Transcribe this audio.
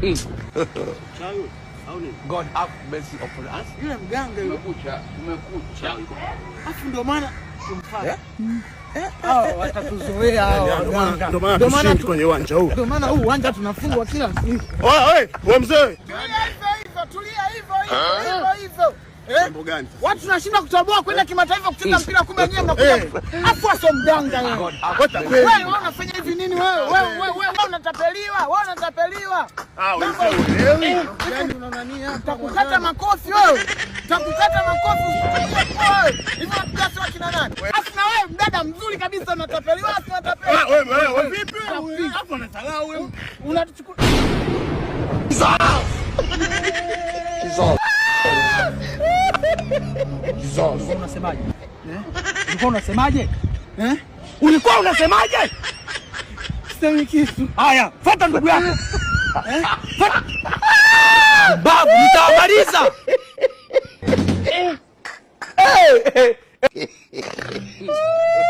Eh. God have mercy upon us. Yule mganga yule. Eh? Umekucha, umekucha. Afu ndo maana tumfanye. Eh? Yaani, kwenye uwanja tunafungwa kila siku. Wewe mzee. tulia hivyo hivyo. Mambo eh? gani? Watu tunashinda kutoboa kwenda eh? kimataifa kucheza eh? mpira kumbe wenyewe mnakuja. Hapo sio mganga wewe. Wewe unafanya hivi nini wewe? Wewe wewe unatapeliwa, wewe unatapeliwa. Ah, wewe yaani una nani hapa? Utakukata makofi wewe. Utakukata makofi wewe. Hivi unataka kina nani? Afu na wewe mdada mzuri kabisa unatapeliwa, unatapeliwa. Ah, wewe wewe vipi wewe? unasalau wewe. Unatuchukua. Is all. Ah! kizazi. Ulikuwa unasemaje? Ulikuwa unasemaje? Eh? Ulikuwa unasemaje? Sema kitu. Haya, fuata ndugu yako. Eh? Babu, mtawamaliza. Eh. Eh.